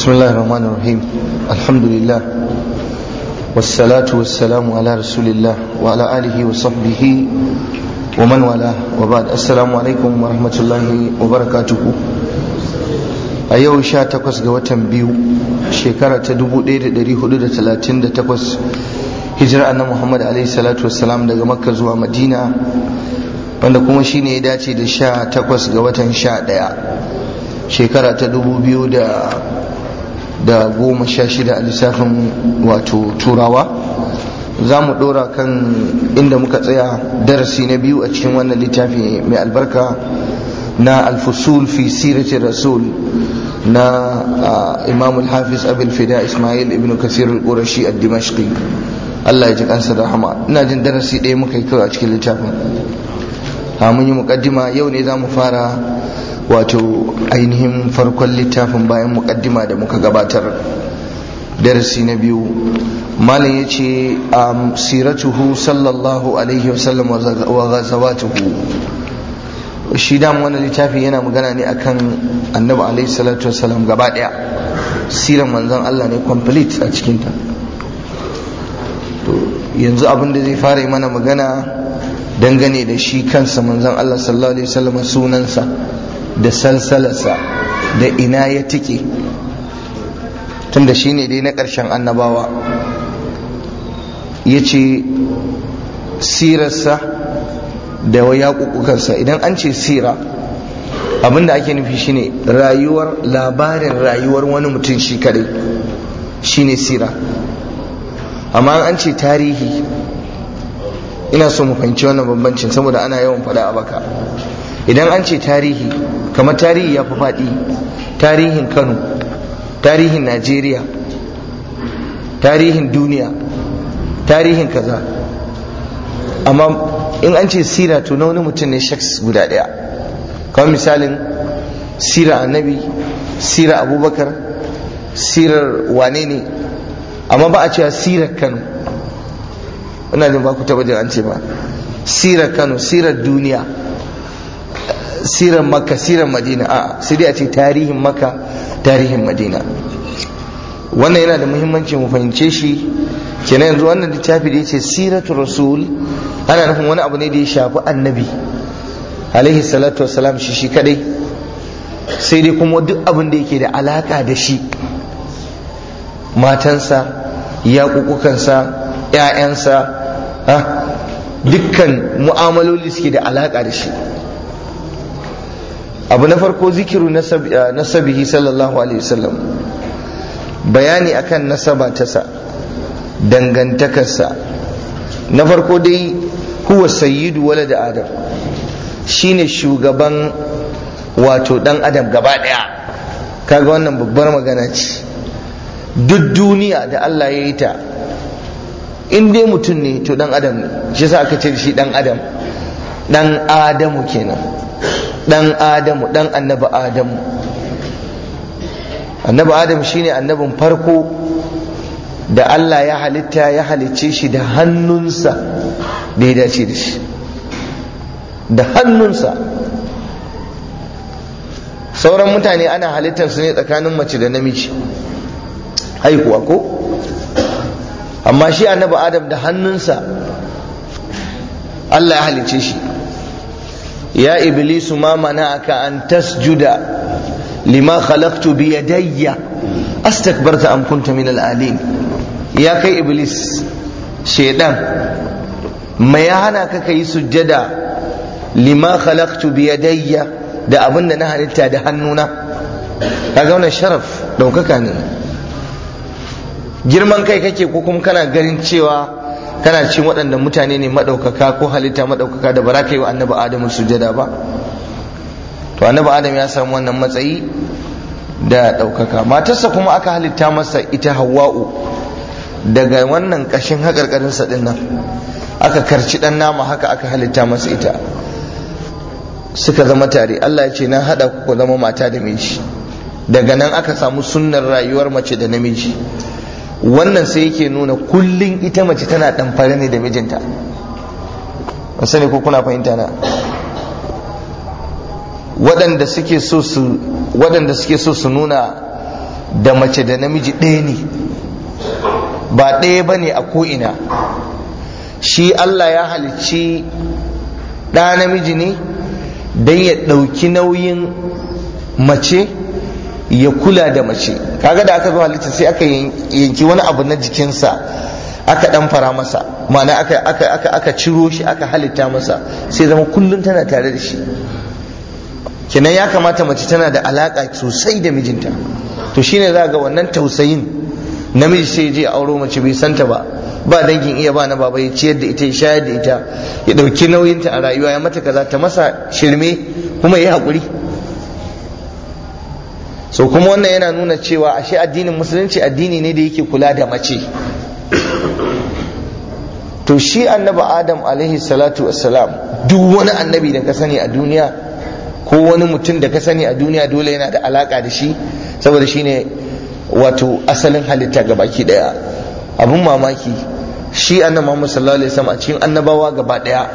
بسم الله الرحمن الرحيم الحمد لله والصلاة والسلام على رسول الله وعلى آله وصحبه ومن والاه وبعد السلام عليكم ورحمة الله وبركاته a yau sha takwas ga watan biyu shekara ta dubu ɗaya da ɗari hudu da talatin da takwas hijira na muhammad alaihi salatu wassalam daga makka zuwa madina wanda kuma shi ne ya dace da sha takwas ga watan sha ɗaya shekara ta dubu biyu da da goma sha shida a lissafin wato turawa za mu dora kan inda muka tsaya darasi na biyu a cikin wannan littafi mai albarka na alfusul fi sirati rasul na imam al-hafiz abin fida ismail ibn kasir ƙorashi qurashi al-dimashqi Allah ya ji kansa da rahama ina jin darasi ɗaya muka yi kawai a cikin littafin a mun yi mukaddima yau ne za mu fara wato ainihin farkon littafin bayan mukaddima da muka gabatar darasi na biyu malam ya ce a siratuhu sallallahu alaihi wasallam wa gazawatuhu shi dam wani littafi yana magana ne akan annabi alaihi salatu wasallam gaba daya siran manzon Allah ne complete a cikinta yanzu abin zai fara yi mana magana dangane da shi kansa manzon Allah sallallahu alaihi wasallam sunansa da salsalarsa da ina ya tike tunda shi ne dai na ƙarshen annabawa ya ce sirarsa da yaƙuƙukansa idan an ce sira abinda ake nufi shine rayuwar labarin rayuwar wani mutum shi kadai shine sira amma an ce tarihi ina so mu fahimci wannan bambancin saboda ana yawan faɗa a baka idan an ce tarihi kamar tarihi ya fi faɗi tarihin kano tarihin najeriya tarihin duniya tarihin kaza amma in an ce sira to na wani mutum ne shaks guda ɗaya kamar misalin sira annabi sira abubakar sirar wane ne amma ba a cewa sirar kano ina jin ba ku taba jin an ce ba sirar kano sirar duniya sirar makka sirar madina a sai a ce tarihin makka tarihin madina wannan yana da muhimmanci mu fahimce shi kenan yanzu wannan littafi da yace siratu rasul ana nufin wani abu ne da ya shafi annabi alaihi salatu wassalam shi shi kadai sai dai kuma duk abin da yake da alaka da shi matansa yaƙuƙukansa ‘ya'yansa dukkan mu'amaloli suke da alaƙa da shi abu na farko zikiru eh, sabihi sallallahu alaihi wasallam bayani akan nasaba tasa dangantakarsa na farko dai huwa sayyidu wala da adam shine shugaban wato dan adam gaba daya kaga wannan babbar magana ce duk duniya da Allah ya yi ta in dai mutum ne to dan adam ne shi sa aka ce shi dan adam dan adamu kenan dan adamu dan annabi adamu annabi adamu shine annabin farko da Allah ya halitta ya halicce shi da hannunsa da ya dace da shi da hannunsa sauran mutane ana halittar su ne tsakanin mace da namiji haihuwa ko amma shi annabi adam da hannunsa Allah ya halice shi ya iblisu ma mana aka an tasjuda lima khalaqtu bi yadayya astakbarta am kunta min al-alim ya kai iblis shedan me ya hana ka kai sujjada lima khalaqtu bi yadayya da abin da na halitta da hannuna kaga wannan sharaf daukaka ne girman kai kake ko kuma kana ganin cewa kana cin waɗanda mutane ne maɗaukaka ko halitta maɗaukaka da ba za ka yi wa annabi adamu sujada ba to annabi adam ya samu wannan matsayi da ɗaukaka matarsa kuma aka halitta masa ita hawa'u daga wannan ƙashin haƙarƙarinsa ɗin nan aka karci ɗan nama haka aka halitta masa ita suka zama tare Allah ya ce na haɗa ku zama mata da miji daga nan aka samu sunnar rayuwar mace da namiji wannan sai yake nuna kullum ita mace tana ɗamfare ne da mijinta ban sani ko kuna fahimta na waɗanda suke so su nuna da mace da namiji ɗaya ne ba ɗaya ba ne a ko'ina shi Allah ya halicci ɗa namiji ne don ya ɗauki nauyin mace ya kula da mace kaga da aka zo halitta sai aka yanki wani abu na jikinsa aka dan fara masa ma'ana aka ciro shi aka halitta masa sai zama kullun tana tare da shi kenan ya kamata mace tana da alaka sosai da mijinta to shine za ga wannan tausayin namiji sai je auro mace bai santa ba ba dangin iya ba na baba ya ciyar da ita ya shayar da ita ya dauki nauyinta a rayuwa ya mata kaza ta masa shirme kuma ya haƙuri so kuma wannan yana nuna cewa ashe addinin musulunci addini ne da yake kula da mace to shi annabi adam alaihi salatu wassalam duk wani annabi da ka sani a duniya ko wani mutum da ka sani a duniya dole yana da alaka da shi saboda shi ne wato asalin halitta ga baki daya abun mamaki shi annabi muhammad sallallahu alaihi wasallam a cikin annabawa gaba daya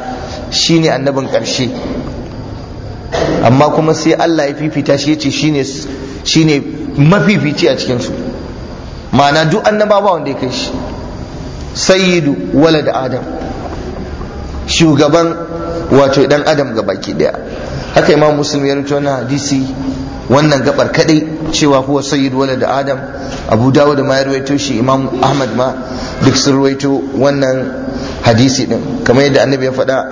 shine annabin karshe amma kuma sai Allah ya fifita shi ya yace shine shine mafifici a cikin su ma'ana duk annaba wanda ya kai shi sayyidu walad adam shugaban wato dan adam ga baki daya haka imam muslim ya rubuta wannan hadisi wannan gabar kadai cewa huwa sayyid walad adam abu dawud ma ya rawaito shi imam ahmad ma duk sun rwaito wannan hadisi din kamar yadda annabi ya faɗa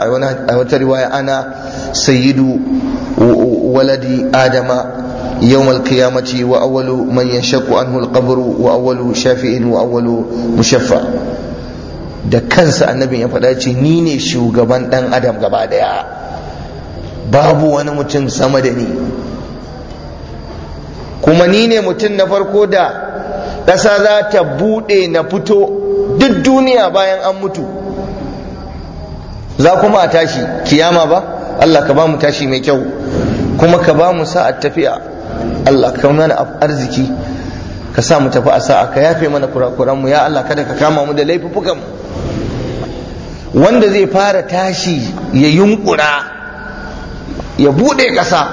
a wata riwaya ana sayyidu waladi adama يوم القيامة وأول من ينشق عنه القبر وأول شافئ وأول مشفع da kansa annabin ya faɗa ce ni ne shugaban ɗan adam gaba ɗaya. babu wani mutum sama da ni kuma ni ne mutum na farko da ƙasa za ta buɗe na fito duk duniya bayan an mutu za kuma a tashi kiyama ba Allah ka ba mu tashi mai kyau kuma ka ba mu sa'ad tafiya Allah ka mana arziki ka sa mu tafi a sa'a ka yafe mana kurakuran mu ya Allah kada ka kama mu da laifukan mu wanda zai fara tashi ya yunkura ya bude ƙasa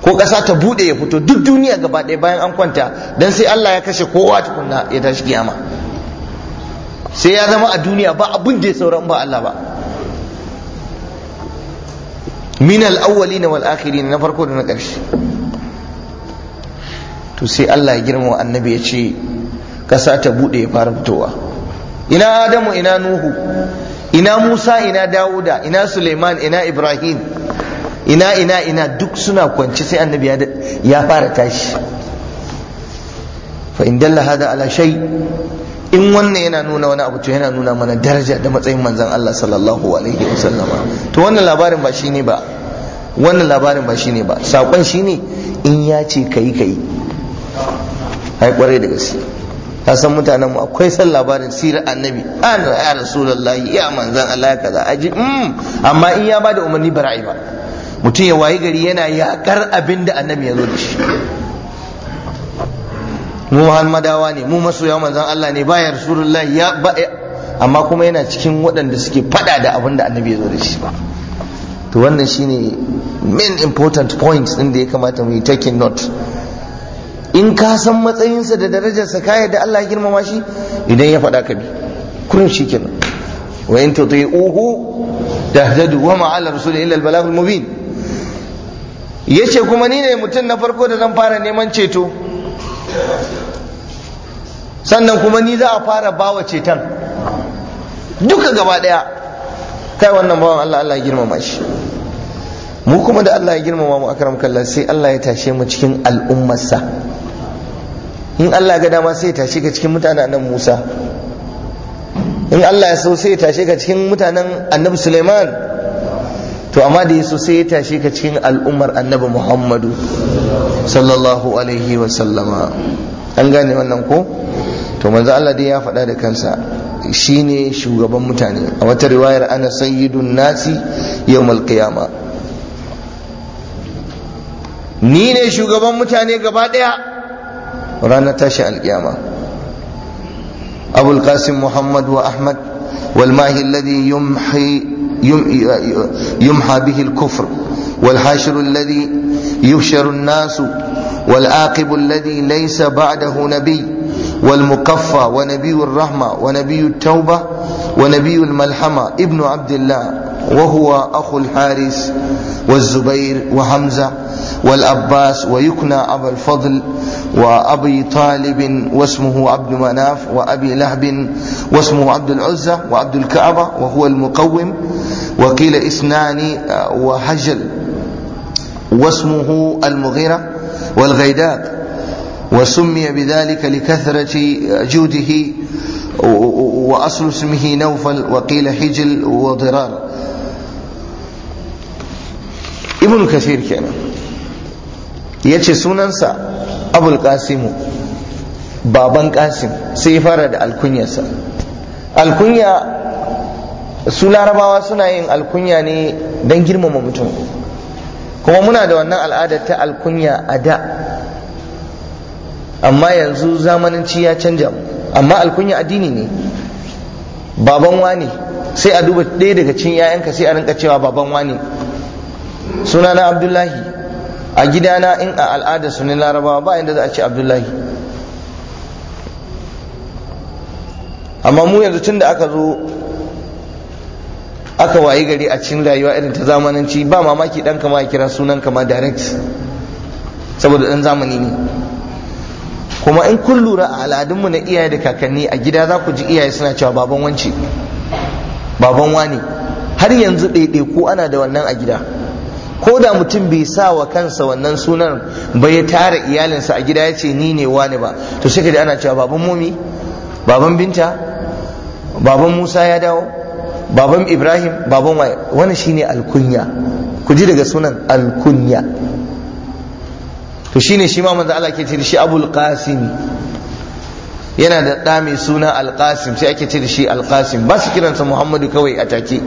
ko ƙasa ta bude ya fito duk duniya gaba ɗaya bayan an kwanta dan sai Allah ya kashe kowa tukunna ya tashi kiyama sai ya zama a duniya ba abin da ya sauran ba Allah ba min al-awwalin wal akhirin na farko da na ƙarshe to sai Allah ya girmama annabi ya ce kasa ta bude ya fara fitowa ina adamu ina nuhu ina musa ina dawuda ina suleiman ina ibrahim ina ina ina duk suna kwanci sai annabi ya fara tashi fa in dalla hada ala shay in wannan yana nuna wani abu to yana nuna mana daraja da matsayin manzon Allah sallallahu alaihi wasallama to wannan labarin ba shine ba wannan labarin ba shine ba sakon shine in ya ce kai kai ai kwarai da gaske ka san mutanen mu akwai san labarin sirar annabi an ya rasulullahi ya manzan Allah kaza aji mm. amma in ya bada umarni bara'i ba mutum ya wayi gari yana yakar abin da annabi ya zo da shi mu madawa ne mu masoya manzan Allah ne baya rasulullahi ya ba amma kuma yana cikin waɗanda suke fada da abin da annabi ya zo da shi ba to wannan shine main important points ɗin da ya kamata mu yi taking note in ka san matsayinsa da darajarsa ka yadda Allah ya girmama shi idan ya faɗa ka bi kurin shi kenan wa in tuti'uhu tahdadu wa ma ala rasul illa al balagh al mubin yace kuma ni ne mutum na farko da zan fara neman ceto sannan kuma ni za a fara bawa ceton duka gaba daya kai wannan bawan Allah Allah ya girmama shi mu kuma da Allah ya girmama mu akram kallah sai Allah ya tashe mu cikin al'ummarsa in Allah ga dama sai ya tashe ka cikin mutanen annabi Musa in Allah ya so sai ya tashe ka cikin mutanen annabi Suleiman to amma da yaso sai ya tashe ka cikin al'ummar annabi Muhammadu sallallahu alaihi wa sallama an gane wannan ko to manzo Allah dai ya faɗa da kansa shine shugaban mutane a wata riwayar ana sayyidun nasi yawmal qiyama ni ne shugaban mutane gaba ɗaya رانا تشاء القيامة أبو القاسم محمد وأحمد ahmad الذي يمحي يم يمحى به الكفر والحاشر الذي يحشر الناس والعاقب الذي ليس بعده نبي والمقفى ونبي الرحمة ونبي التوبة ونبي الملحمة ابن عبد الله وهو أخو الحارث والزبير وحمزة والأباس ويكنى أبا الفضل وأبي طالب واسمه عبد مناف وأبي لهب واسمه عبد العزة وعبد الكعبة وهو المقوم وقيل إثنان آه، وحجل واسمه المغيرة والغيداد وسمي بذلك لكثرة آه، جوده وأصل اسمه نوفل وقيل حجل وضرار ibn kasir kenan ya ce sunansa abul kasimu baban qasim sai ya fara da alkunyarsa alkunya su larabawa suna yin alkunya ne don girmama mutum kuma muna da wannan al'adar ta alkunya a da amma yanzu zamananci ya canja amma alkunya addini ne baban wani sai a duba ɗaya daga cin 'ya'yanka sai a rinka cewa baban wani sunana abdullahi a gidana in a al'adar su ne larabawa ba inda za a ce abdullahi amma mu yanzu tun da aka zo aka wayi gari a cikin rayuwa irin ta zamananci ba mamaki dan kama kira sunan kama direct saboda dan zamani ne kuma in kun lura a al'adunmu na iyaye da kakanni a gida za ku ji iyaye suna cewa baban wance baban wani har yanzu ko ana da wannan a gida ko da mutum bai sa wa kansa wannan sunan bai ya tara iyalinsa a gida ya ce ni ne wani ba to sai kaji ana cewa baban momi baban binta baban musa ya dawo baban ibrahim baban waye wani shine alkunya ku ji daga sunan alkunya to shine shi ma manzo Allah ke ce da shi abul qasim yana da ɗa mai suna alkasim sai ake ce da shi alkasim ba su kiransa muhammadu kawai a take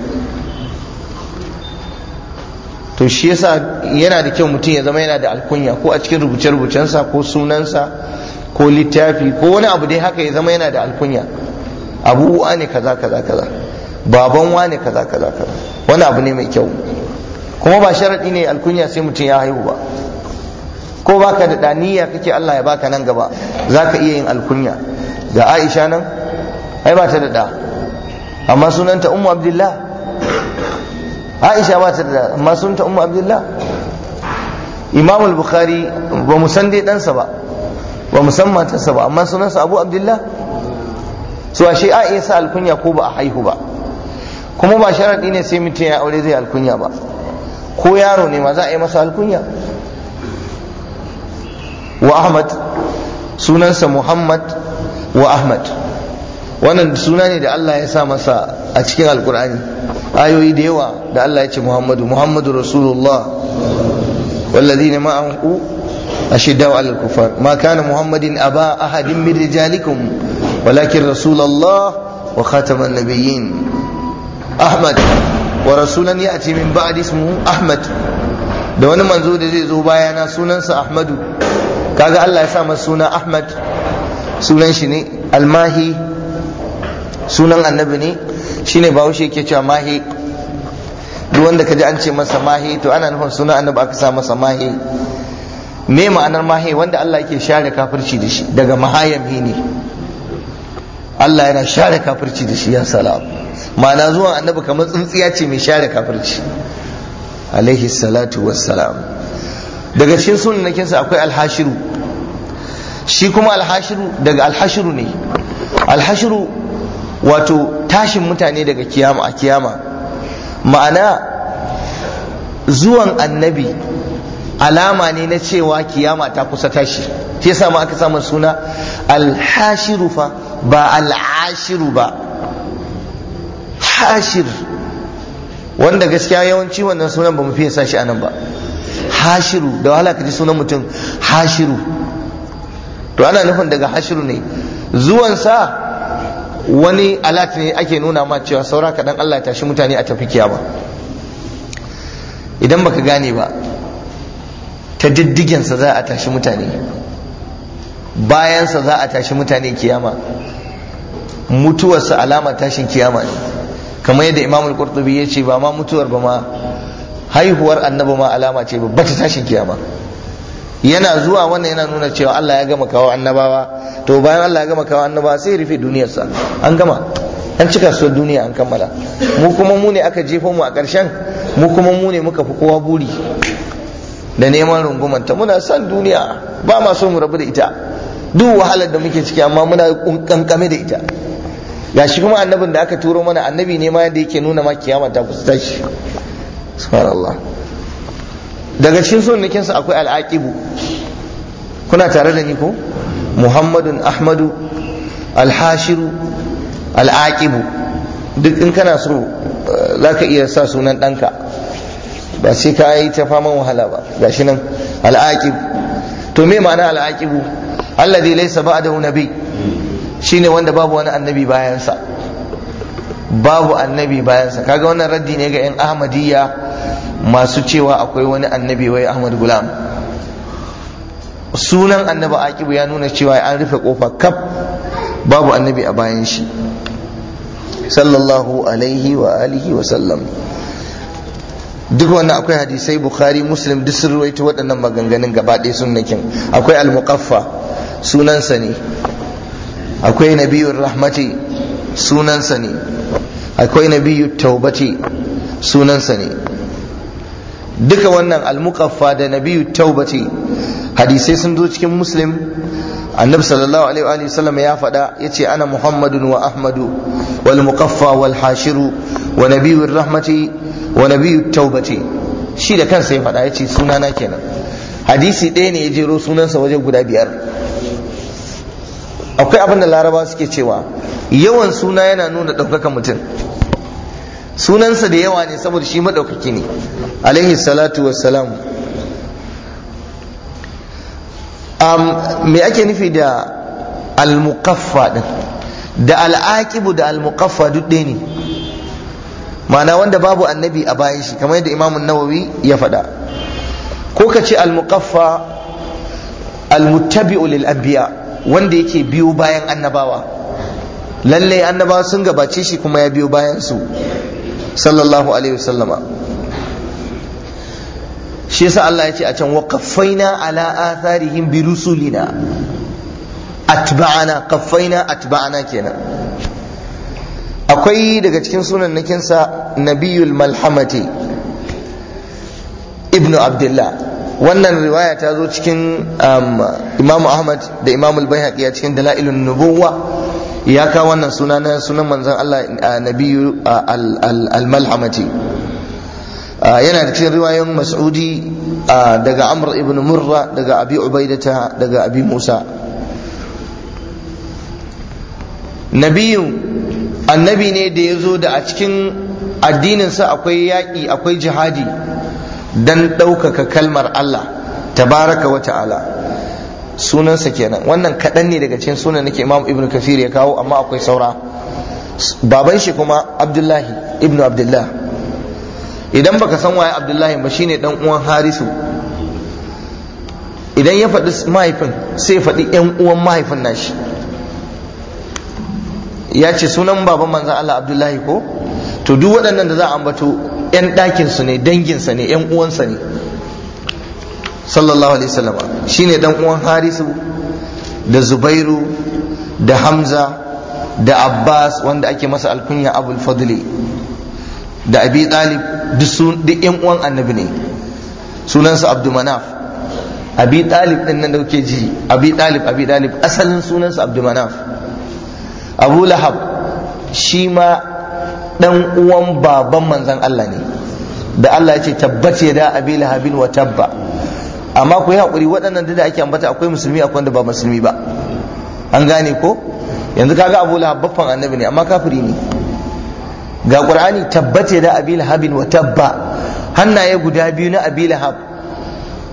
to shi yasa yana da kyau mutum ya zama yana da alkunya ko a cikin rubuce-rubucensa ko sunansa ko littafi ko wani abu dai haka ya zama yana da alkunya abu uwa ne kaza kaza kaza baban wa ne kaza kaza kaza wani abu ne mai kyau kuma ba sharaɗi ne alkunya sai mutum ya haihu ba ko baka da daniya kake Allah ya baka nan gaba zaka iya yin alkunya ga Aisha nan ai ba ta da da amma sunanta Ummu Abdullah aisha ba ta da amma sun ta ummu abdullah imam al-bukhari ba mu san dai ɗansa ba ba mu san matarsa ba amma sunansa abu abdullah so ashe a iya sa alkunya ko ba a haihu ba kuma ba sharaɗi ne sai mutum ya aure zai alkunya ba ko yaro ne ma za a yi masa alkunya wa ahmad sunansa muhammad wa ahmad wannan suna ne da allah ya sa masa a cikin alkur'ani ayoyi da yawa da Allah ya ce Muhammadu Muhammadu Rasulullah wallazina ma'ahu ashiddaw al kufar ma kana Muhammadin aba ahadin min rijalikum walakin Rasulullah wa khataman nabiyyin Ahmad wa rasulan ya'ti min ba'd ismu Ahmad da wani manzo da zai zo bayana sunansa Ahmadu kaga Allah ya sa masa suna Ahmad sunan shi ne almahi sunan annabi ne shine bahaushe yake cewa mahi duk wanda kaji an ce masa mahi to ana nufin suna annabi aka sa masa mahi me ma'anar mahi wanda Allah yake share kafirci da shi daga mahayami ne Allah yana share kafirci da shi ya salam ma'ana zuwa annabi kamar tsuntsiya ce mai share kafirci alaihi salatu wassalam daga cikin sunanakin sa akwai alhashiru shi kuma alhashiru daga alhashiru ne alhashiru wato tashin mutane daga kiyama a kiyama ma'ana zuwan annabi alama ne na cewa kiyama ta kusa tashi shi yasa ma aka samu suna alhashiru fa ba al'ashiru ba hashir wanda gaskiya yawanci wannan sunan ba mu fiye sa shi anan ba hashiru da wahala ka ji sunan mutum hashiru to ana nufin daga hashiru ne zuwan sa wani alat ne ake nuna ma cewa saura kaɗan Allah ya tashi mutane a tafi kiyama idan baka gane ba ta diddigensa za a tashi mutane bayansa za a tashi mutane kiyama mutuwarsa alama tashin kiyama ne kamar yadda imam al-qurtubi ya ce ba ma mutuwar ba ma haihuwar annabi ma alama ce ba ta tashin kiyama yana zuwa wannan yana nuna cewa Allah ya gama kawo annabawa to bayan Allah ya gama kawo annabawa sai rufe duniyarsa an gama an cika su duniya an kammala mu kuma mu ne aka jefo mu a ƙarshen mu kuma mu ne muka fi kowa buri da neman ta muna son duniya ba ma so mu rabu da ita duk wahalar da muke ciki amma muna kankame da ita shi kuma annabin da aka turo mana annabi ne ma yadda yake nuna ma kiyama ta kusa tashi subhanallah daga cikin sunnikin sa akwai al'aqibu kuna tare da ni ko muhammadun ahmadu alhashiru al'aqibu duk in kana so eh, za ka iya sa sunan ɗanka ba sai ka yi ta faman wahala ba gashi nan al'aqib to me ma'ana al'aqibu alladhi laysa ba'dahu nabi shine wanda babu wani annabi bayansa babu annabi bayansa kaga wannan raddi ne ga yan ahmadiyya masu cewa akwai wani annabi wai ahmad gulam sunan annabi akibu ya nuna cewa an rufe kofa kaf babu annabi a bayan shi sallallahu alaihi wa alihi wa sallam duk wannan akwai hadisai bukhari muslim duk sun ruwaito waɗannan maganganun gaba ɗaya sunnakin akwai al-muqaffa sunansa ne akwai nabiyur rahmati sunansa ne akwai nabiyut taubati sunansa ne duka wannan almukaffa da nabiyu tauba ce hadisai sun zo cikin muslim annabi sallallahu alaihi wa sallam ya faɗa yace ana muhammadun wa ahmadu wal muqaffa wal hashiru wa nabiyur rahmati wa nabiyut taubati shi da kansa ya faɗa yace sunana kenan hadisi ɗaya ne ya jero sunansa waje guda biyar akwai abin da laraba suke cewa yawan suna yana nuna ɗaukaka mutum sunansa da yawa ne saboda shi maɗaukaki ne alaihi salatu wassalam um, me ake nufi da almukaffa din da al'aqibu da almukaffa duk ɗaya ne ma'ana wanda babu annabi a bayan shi kamar yadda imamun nawawi ya faɗa ko ka ce almukaffa almuttabi'u lil anbiya wanda yake biyo bayan annabawa lallai annabawa sun gabace shi kuma ya biyo bayan su sallallahu alaihi wasallama shi yasa Allah ya ce a can wa kaffaina ala atharihim bi rusulina atba'ana kaffaina atba'ana kenan akwai daga cikin sunan nakinsa nabiyul malhamati ibnu abdullah wannan riwaya ta zo cikin um, imamu ahmad da imamu al-bayhaqi a cikin dalailun nubuwa ya kawo wannan suna na sunan manzan Allah nabi al-malhamati yana da cikin riwayoyin mas'udi daga amr ibn murra daga abi ubaidata daga abi musa nabiyu annabi ne da ya zo da a cikin addininsa akwai yaƙi akwai jihadi don ɗaukaka kalmar Allah tabaraka wa ta'ala sunansa kenan wannan kaɗan ne daga cikin sunan nake imam ibn kafir ya kawo amma akwai saura baban shi kuma abdullahi ibn abdullah idan baka san waye abdullahi ba shine dan uwan harisu idan ya faɗi mahaifin sai ya faɗi yan uwan mahaifin nashi ya ce sunan baban manzan Allah abdullahi ko to duk waɗannan da za a ambato yan ɗakinsu ne danginsa ne yan uwansa ne sallallahu alaihi wasallam shine dan uwan harisu da zubairu da hamza da abbas wanda ake masa alkunya abul fadli da abi talib duk yan uwan annabi ne sunansa manaf abi talib din nan da kuke ji abi talib abi talib asalin sunansa manaf abu lahab shi ma dan uwan baban manzon allah ne da allah ya ce tabbace da abi lahabin wa tabba amma ku yi haƙuri waɗannan da ake ambata akwai musulmi akwai wanda ba musulmi ba an gane ko yanzu kaga abu lahab baffan annabi ne amma kafiri ne ga qur'ani tabbate da abi lahabin wa tabba hannaye guda biyu na abi lahab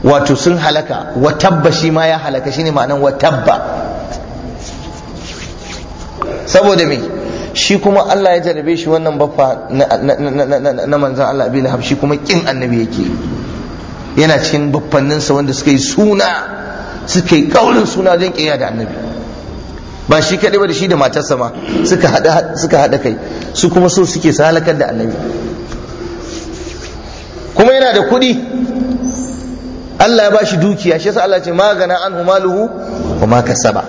wato sun halaka wa tabba shi ma ya halaka shine ma'anan wa tabba saboda me shi kuma Allah ya jarabe shi wannan baffa na manzon Allah abi lahab shi kuma kin annabi yake yana cikin sa wanda suka yi suna suka yi kaulin suna don ƙiyya da annabi ba shi kaɗai ba da shi da matarsa ma suka haɗa kai su kuma so suke salakar halakar da annabi kuma yana da kuɗi Allah ya bashi dukiya shi yasa Allah ce magana an humaluhu wa ma kasaba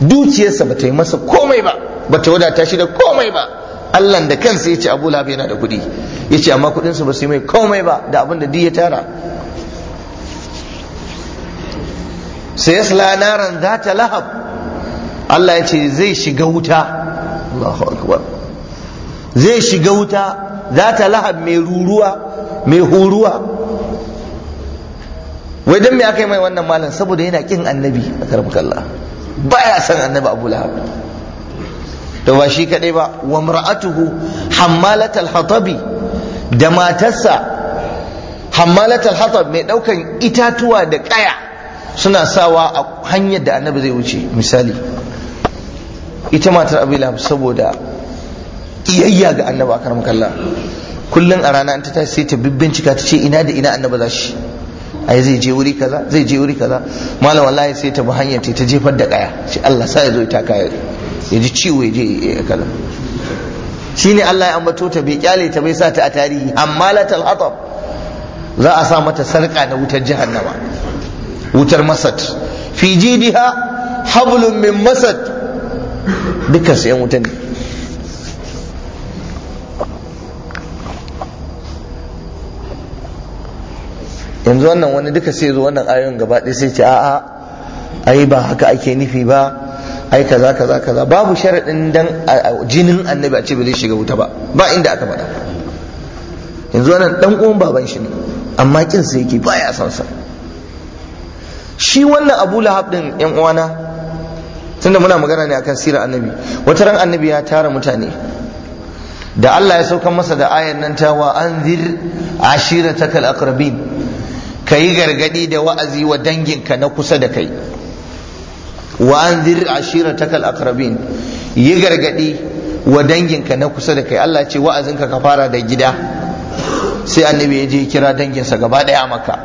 dukiyarsa ta yi masa komai ba Ba ta wadata shi da komai ba Allah da kansa ya ce Abu Lahab yana da kuɗi ya ce amma kuɗinsu ba su yi mai komai ba da abin da ya tara sai ya sala naran za ta lahab Allah ya ce zai shiga wuta Allahu akbar zai shiga wuta za ta lahab mai ruruwa mai huruwa wai dan me aka yi mai wannan malam saboda yana kin annabi a Ba baya san annabi Abu Lahab to ba shi kadai ba wa mar'atuhu hammalat al-hatabi da matarsa hammalat al-hatab mai daukan itatuwa da kaya suna sawa a hanyar da annabi zai wuce misali ita matar abila saboda iyayya ga annabi akram kallah kullun a rana an ta tashi sai ta bibbincika ta ce ina da ina annabi za shi ai zai je wuri kaza zai je wuri kaza malam wallahi sai ta bi hanyar ta jefar da kaya shi Allah sai ya zo ita kaya ya ji ciwo ya je ya eh, kaza shine Allah ya ambato ta bai kyale ta bai sa ta a tarihi amma latal hatab za a sa mata sarka da wutar jahannama wutar masad fi jidiha hablum min masad dukkan sayan wuta ne yanzu wannan wani duka sai zo wannan ayoyin gaba ɗaya sai ce a'a ai ba haka ake nufi ba ai kaza kaza kaza babu sharadin dan jinin annabi a ce bai shiga wuta ba ba inda aka faɗa yanzu wannan dan uwan baban shi ne amma kin sai yake baya son sa shi wannan Abu Lahab din yan uwana tunda muna magana ne akan sirar annabi wata ran annabi ya tara mutane da Allah ya sauka masa da ayan nan ta wa anzir ashiratakal aqrabin kayi gargadi da wa'azi wa danginka na kusa da kai wa anzir ashirataka al-aqrabin yi gargadi wa danginka na kusa da kai Allah ce wa'azinka ka fara da gida sai annabi ya je kira danginsa gaba daya a makka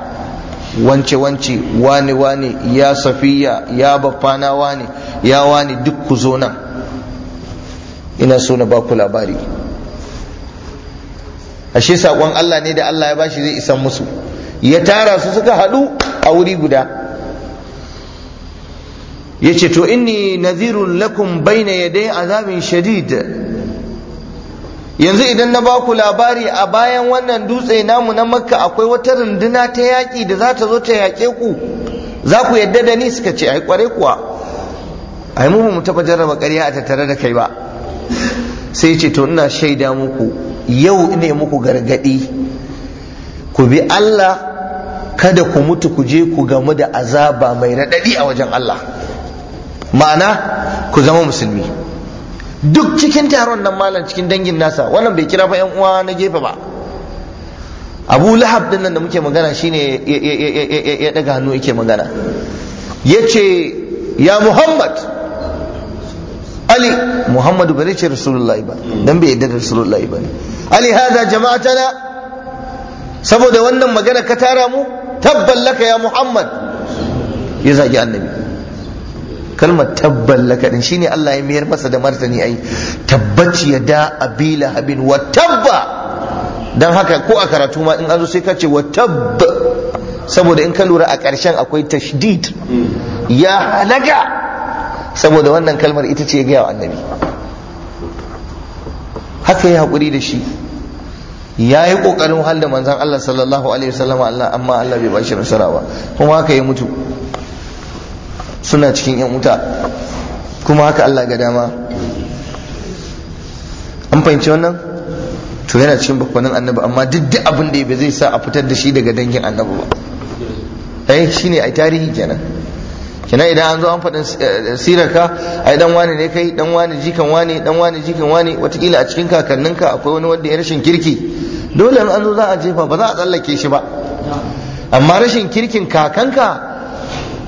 wance wance wani wani ya safiya ya baffana wani ya wani duk ku zo nan ina so na ba ku labari ashe saƙon Allah ne da Allah ya bashi zai isan musu ya tara su suka haɗu a wuri guda yace to inni nadhirun lakum bayna yaday azabin shadid yanzu idan na baku labari a bayan wannan dutse namu na makka akwai wata runduna ta yaƙi da za ta zo ta yaƙe ku za ku yadda da ni suka ce ai kware kuwa ai mu mu taba jarraba ƙarya a tattare da kai ba sai ce to ina shaida muku yau ne muku gargadi ku bi Allah kada ku mutu ku je ku gamu da azaba mai raɗaɗi a wajen Allah ma'ana ku zama musulmi duk cikin taron nan malam cikin dangin nasa wannan bai kira fa yan uwa na gefe ba abu lahab din nan da muke magana shine ya daga hannu yake magana ya ce ya muhammad ali muhammadu bai ce rasulullahi ba dan bai yadda rasulullahi ba ali hada jama'atana saboda wannan magana ka tara mu tabbalaka laka ya muhammad ya zagi annabi kalmar tabban shi shine Allah ya miyar masa da martani ai tabbaci ya da abila habin wa tabba dan haka ko a karatu ma in an zo sai ka ce wa tabb saboda in ka lura a ƙarshen akwai tashdid ya halaga saboda wannan kalmar ita ce ga annabi haka ya hakuri da shi ya yi ƙoƙarin hal da manzan Allah sallallahu alaihi wasallam amma Allah bai bashi nasara ba kuma haka ya mutu suna cikin yan wuta kuma haka Allah ga dama an fahimci wannan to yana cikin bakwanin annabi amma duk da abin da ba zai sa a fitar da shi daga dangin annabi ba eh shine ai tarihi kenan kenan idan an zo an faɗin eh, sirarka ai dan wani ne kai dan wani jikan wani dan wani jikan wani watakila a cikin kakanninka akwai wani wanda ya rashin kirki dole an zo za a jefa ba za a tsallake shi ba amma rashin kirkin kakanka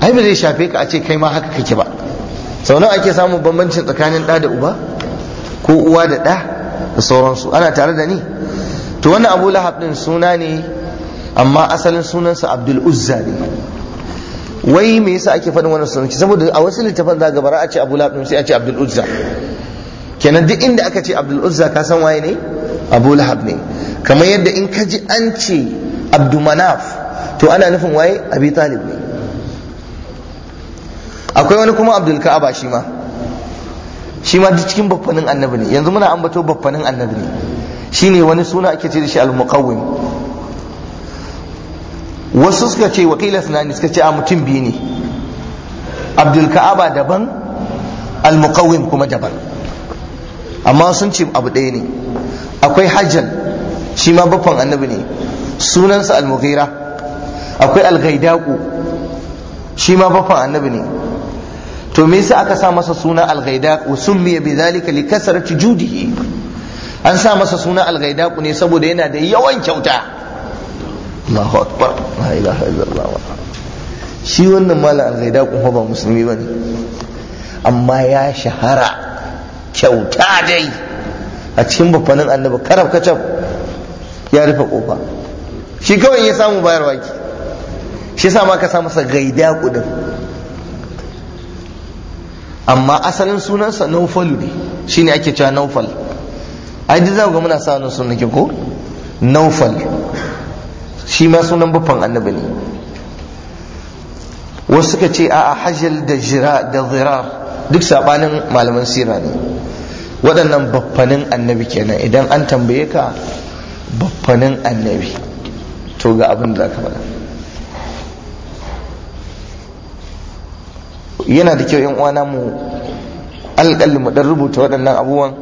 ai ba zai shafe ka a ce kai ma haka kake ba sau nawa ake samun bambancin tsakanin ɗa da uba ko uwa da ɗa da sauransu ana tare da ni to wannan abu lahab din suna ne amma asalin sunansa abdul uzza ne wai me yasa ake faɗin wannan sunan saboda a wasu littafan za ga bara a ce abu lahab din sai a ce abdul uzza kenan duk inda aka ce abdul uzza ka san waye ne abu lahab ne kamar yadda in ka ji an ce manaf to ana nufin waye abi talib ne akwai wani kuma abdul ka'aba shi ma shi ma duk cikin baffanin annabi ne yanzu muna ambato baffanin annabi ne shine wani suna ake ce da shi al-muqawwim wasu suka ce wakila sunani suka ce a mutum biyu ne abdul ka'aba daban al-muqawwim kuma daban amma sun ce abu ɗaya ne akwai hajjal shi ma baffan annabi ne sunansa al-mughira akwai al-ghaidaku shi ma baffan annabi ne to me yasa aka sa masa suna al ghaida wa summiya zalika li kasrati judihi an sa masa suna al ku ne saboda yana da yawan kyauta Allahu akbar la ilaha illallah shi wannan malam al kun fa ba musulmi bane amma ya shahara kyauta dai a cikin bafanin annabi karab kacab ya rufe kofa shi kawai ya samu bayarwa ki shi sa ma ka sa masa gaida kudin amma asalin sunansa naufalu ne shine ake cewa naufal ai duk za ga muna sa wannan sunan ke ko naufal shi ma sunan baffan annabi ne wasu suka ce a hajjal da jira da zirar duk sabanin malaman sira ne waɗannan baffanin annabi kenan idan an tambaye ka baffanin annabi to ga abin da za ka faɗa yana da kyau yan uwana mu alƙalli mu dan rubuta waɗannan abubuwan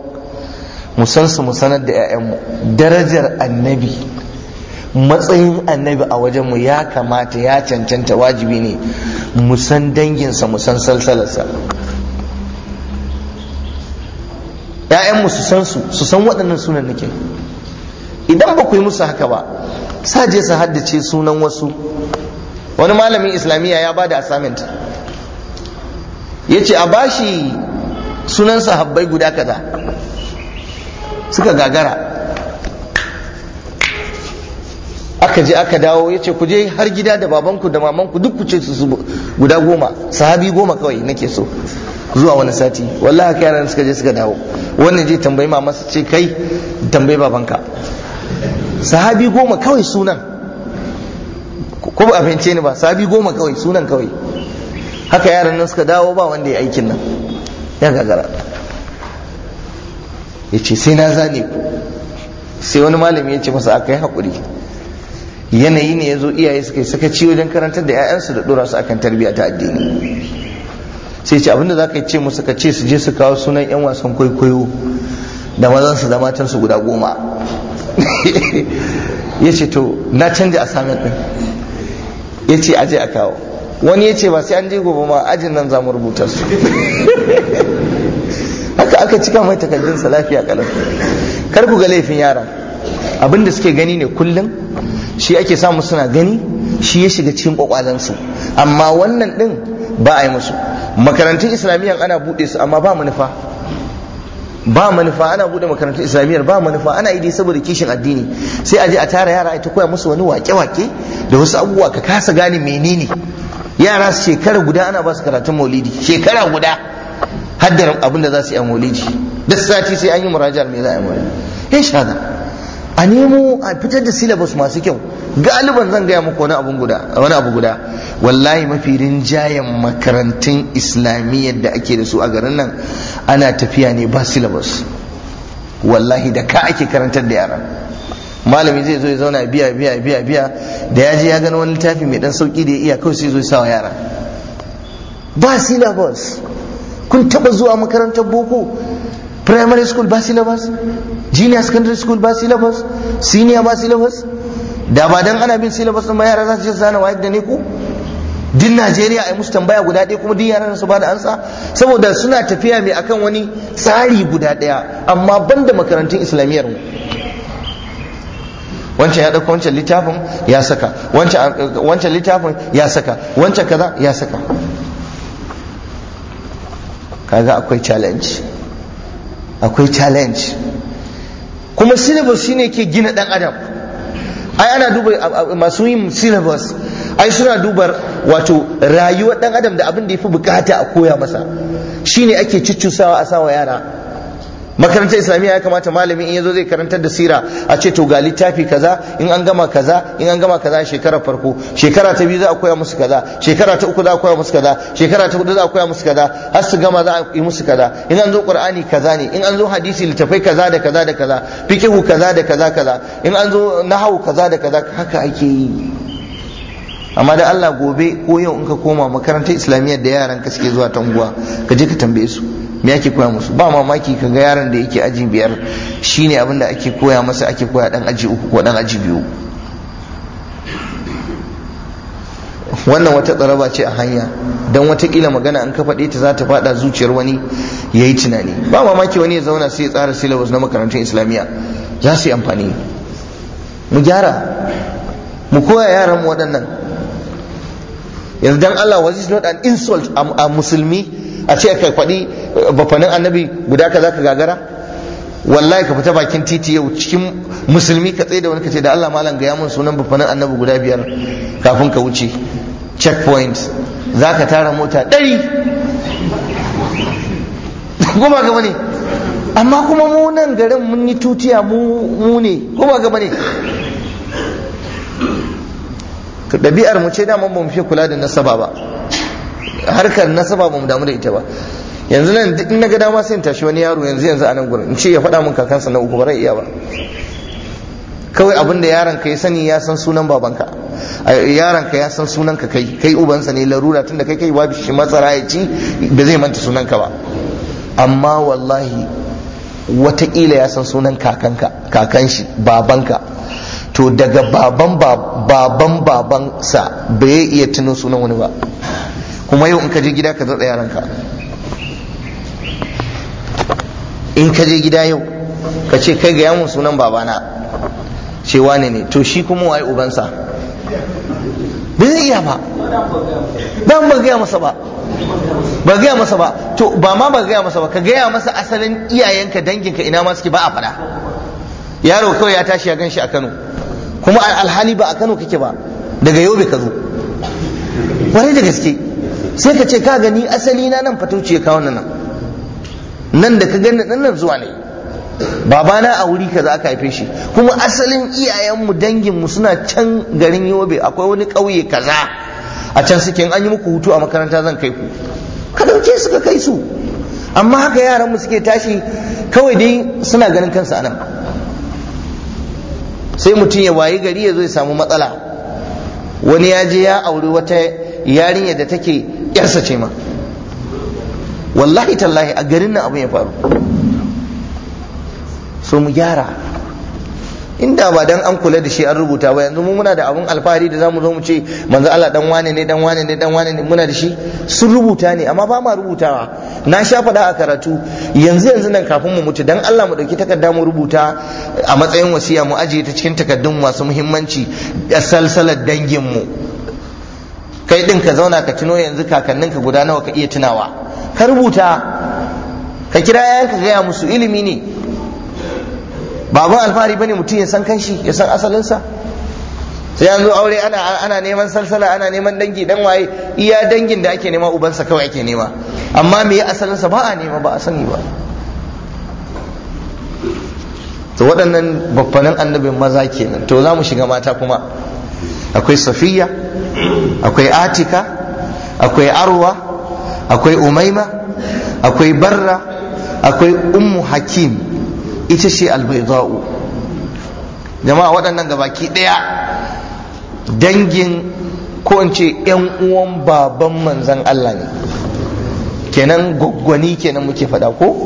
mu san su mu sanar da 'ya'yanmu darajar annabi matsayin annabi a wajenmu ya kamata ya cancanta wajibi ne mu san danginsa mu san salsalarsa ‘ya'yanmu su san su su san waɗannan sunan nake idan ba ku yi musu haka ba saje su haddace sunan wasu wani malamin islamiyya ya ba da assignment ya ce a bashi sunan sahabbai guda kaza suka gagara aka je aka dawo ya ce ku je har gida da babanku da mamanku duk ku ce su guda goma sahabi goma kawai nake so zuwa wani sati wallahi haka yaran suka je suka dawo wannan je tambayi mama su ce kai tambayi babanka sahabi goma kawai sunan ko ba abince ni ba sahabi goma kawai sunan kawai haka yaran nan suka dawo ba wanda ya aikin nan ya gagara ya ce sai na zane ku sai wani malami ya ce masa aka yi haƙuri yanayi ne ya zo iyaye suka yi sakaci wajen karantar da 'ya'yansu da ɗora su akan tarbiyya ta addini sai ce abinda za ka ce musu ka ce su je su kawo sunan 'yan wasan kwaikwayo da mazansu da matansu guda goma ya ce to na canja samun ɗin ya ce aje a kawo wani ya ce ba sai an je gobe ma ajin nan za mu rubuta su haka aka cika mai takardunsa lafiya kalan kar ku ga laifin yara abin da suke gani ne kullum shi ake samu suna gani shi ya shiga cikin kwakwalansu amma wannan din ba a yi musu makarantun islamiyyar ana buɗe su amma ba manufa ba manufa ana buɗe makarantun islamiyyar ba manufa ana yi dai saboda kishin addini sai a je a tara yara a koya musu wani wake-wake da wasu abubuwa ka kasa gane menene yara shekara guda ana ba su karatun maulidi shekara guda haddar abin da za su yi a maulidi duk sati sai an yi murajar mai za a yi maulidi sha da a nemo a fitar da syllabus masu kyau galiban zan gaya muku wani abu guda wallahi mafi rinjayen makarantun islamiyyar da ake da su a garin nan ana tafiya ne ba syllabus wallahi da ka ake karantar da yara. malami zai zo ya zauna biya biya biya biya da ya je ya gano wani littafi mai dan sauki da ya iya kawai sai zo sawa yara ba syllabus kun taba zuwa makarantar boko primary school ba syllabus junior secondary school ba syllabus senior ba syllabus da ba dan ana bin syllabus din ba yara za su je zana wayar da ne ku din Najeriya ai musu tambaya guda ɗaya kuma din yaran su ba da ansa saboda suna tafiya mai akan wani tsari guda ɗaya amma banda makarantun islamiyyar mu wancan ya dauko wancan littafin ya saka wancan littafin ya saka wancan kaza ya saka kaga akwai challenge akwai challenge kuma syllabus shine ke gina dan adam ai ana duba masu yin syllabus ai suna dubar wato rayuwar dan adam da abin da yafi bukata a koya masa shine ake ciccusawa a sawa yara makarantar islamiyya ya kamata malami in yazo zai karantar da sira a ce to ga littafi kaza in an gama kaza in an gama kaza shekarar farko shekara ta biyu za a koya musu kaza shekara ta uku za a koya musu kaza shekara ta hudu za a koya musu kaza har su gama za a yi musu kaza in an zo qur'ani kaza ne in an zo hadisi littafai kaza da kaza da kaza fiqhu kaza da kaza kaza in an zo nahawu kaza da kaza haka ake yi amma da Allah gobe ko yau in ka koma makarantar islamiyya da yaran ka suke zuwa ta unguwa ka je ka tambaye su me ake koya musu ba mamaki ka ga yaran da yake aji biyar shine abin da ake koya masa ake koya dan aji uku ko dan aji biyu wannan wata tsaraba ce a hanya don watakila magana an ka faɗe ta za ta faɗa zuciyar wani ya yi tunani ba mamaki wani ya zauna sai ya tsara syllabus na makarantar islamiyya za su yi amfani mu gyara mu koya yaran mu waɗannan yanzu dan Allah was is not an insult a musulmi a ce kai faɗi eh, bafanin annabi guda ka za ka gagara wallahi ka fita bakin titi yau cikin musulmi ka tsaye da wani ka ce da Allah malam gaya mun sunan bafanin annabi guda biyar kafin ka wuce checkpoint za ka tara mota ɗari kuma ga ne? amma kuma mu nan garin mun yi tutiya mu ne kuma ga ne? to ɗabi'ar mu ce da mun mu fi kula da nasaba ba harkar nasaba ba mu damu da ita ba yanzu nan duk na ga dama sai in tashi wani yaro yanzu yanzu a nan gurin in ce ya faɗa min kakansa na uku ba iya ba kawai abin da yaron ka ya sani ya san sunan babanka yaron ka ya san sunan ka kai kai ubansa ne larura tunda kai kai babu shi matsara ya ci ba zai manta sunan ka ba amma wallahi wataƙila ya san sunan kakanka kakan shi babanka to daga baban baban babansa bai iya tuno sunan wani ba kuma yau in ka je gida ka zaɗa yaranka in ka je gida yau ka ce kai ga yamun sunan babana cewa ne ne to shi kuma wai ubansa ba zai iya ba ba ba gaya masa ba ba gaya masa ba to ba ma ba gaya masa ba ka gaya masa asalin iyayenka danginka ina ma suke ba a faɗa yaro kawai ya tashi ya gan shi a kano kuma alhali ba a Kano kake ba daga Yobe ka zo kwarai da gaske sai ka ce ka gani asali na nan fatauci ya kawo nan nan da ka gani nan zuwa ne babana a wuri kaza ka haife shi kuma asalin iyayenmu danginmu suna can garin Yobe akwai wani ƙauye kaza a can suke an yi muku hutu a makaranta zan kai ku ka suka kai su amma haka yaranmu suke tashi kawai dai suna ganin kansu nan. sai mutum ya wayi gari ya zo ya samu matsala wani ya je ya auri wata yarinya da take yarsa ce ma wallahi tallahi a garin nan abin ya faru so mu gyara inda ba dan an kula da shi an rubuta ba yanzu mu muna da abun alfahari da zamu zo mu ce manzo Allah dan wane ne dan wane ne dan wane ne muna da shi sun rubuta ne amma ba ma rubutawa na sha faɗa a karatu yanzu yanzu nan kafin mu mutu dan Allah mu dauki takarda mu rubuta a matsayin wasiya mu ajiye ta cikin takardun masu muhimmanci a salsalar dangin mu kai din ka zauna ka tuno yanzu kakannin guda nawa ka iya tunawa ka rubuta ka kira yayanka gaya musu ilimi ne ba alfahari bane mutum ya san kanshi ya san asalinsa sai an zo aure ana ana neman salsala ana neman dangi dan waye iya dangin da ake nema ubansa kawai ake nema amma me asalinsa ba a nema ba a sani ba to waɗannan babbanin annabin maza kenan to za mu shiga mata kuma akwai safiya akwai atika akwai arwa akwai umaima akwai barra akwai ummu hakim ita ce albaida'u jama'a waɗannan gabaki ɗaya dangin ko in ce yan uwan baban manzan Allah ne kenan gwaggwani kenan muke faɗa ko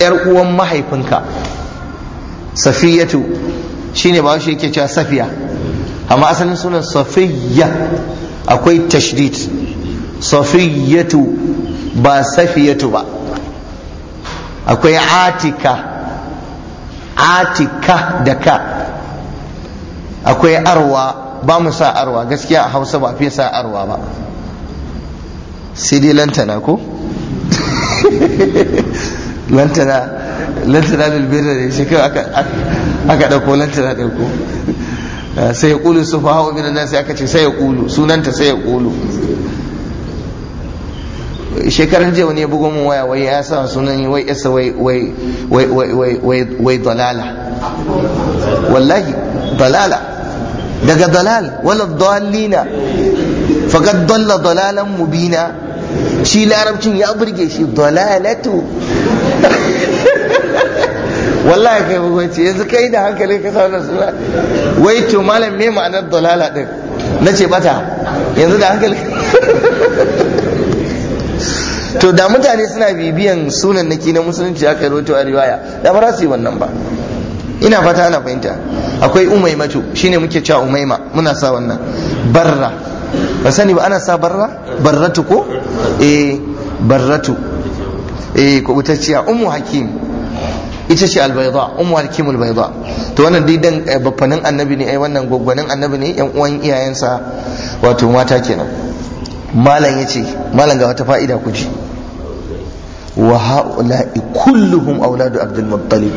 yar uwan mahaifinka safiyatu shine ba shi yake cewa safiya amma asalin sunan safiya akwai tashdid safiyatu ba safiyatu ba akwai atika atika da ka akwai arwa ba mu sa arwa gaskiya a hausa ba fi sa arwa ba sai dai lantana ko lantana lantana bilbirra ne shi aka ɗauko lantana dauko, sai ya ƙulu su fahawo minan nan sai aka ce sai ya ƙulu sunanta sai ya ƙulu shekaran jiya wani ya bugo mun waya wai ya sa sunan wai isa wai wai wai wai wai wai dalala wallahi dalala daga dalal wala dalina faqad dalla dalalan mubina shi larabcin ya burge shi dalalatu wallahi kai bugwanci yanzu kai da hankali ka sauna suna wai to malam me ma'anar dalala din nace bata yanzu da hankali to da mutane suna bibiyan sunan naki na musulunci aka rubuta a riwaya da ba za su yi wannan ba ina fata ana fahimta akwai umaimatu shine muke cewa umaima muna sa wannan barra ba sani ba ana sa barra barratu ko eh barratu eh kubutacciya ummu hakim ita ce albaida ummu hakim albaida to wannan dai dan eh, baffanin annabi ne ai eh, wannan gwaggwanin annabi ne yan uwan iyayensa wato mata kenan malam yace malam ga wata fa'ida ku ji wa ha'ula'i kulluhum auladu abdul muttalib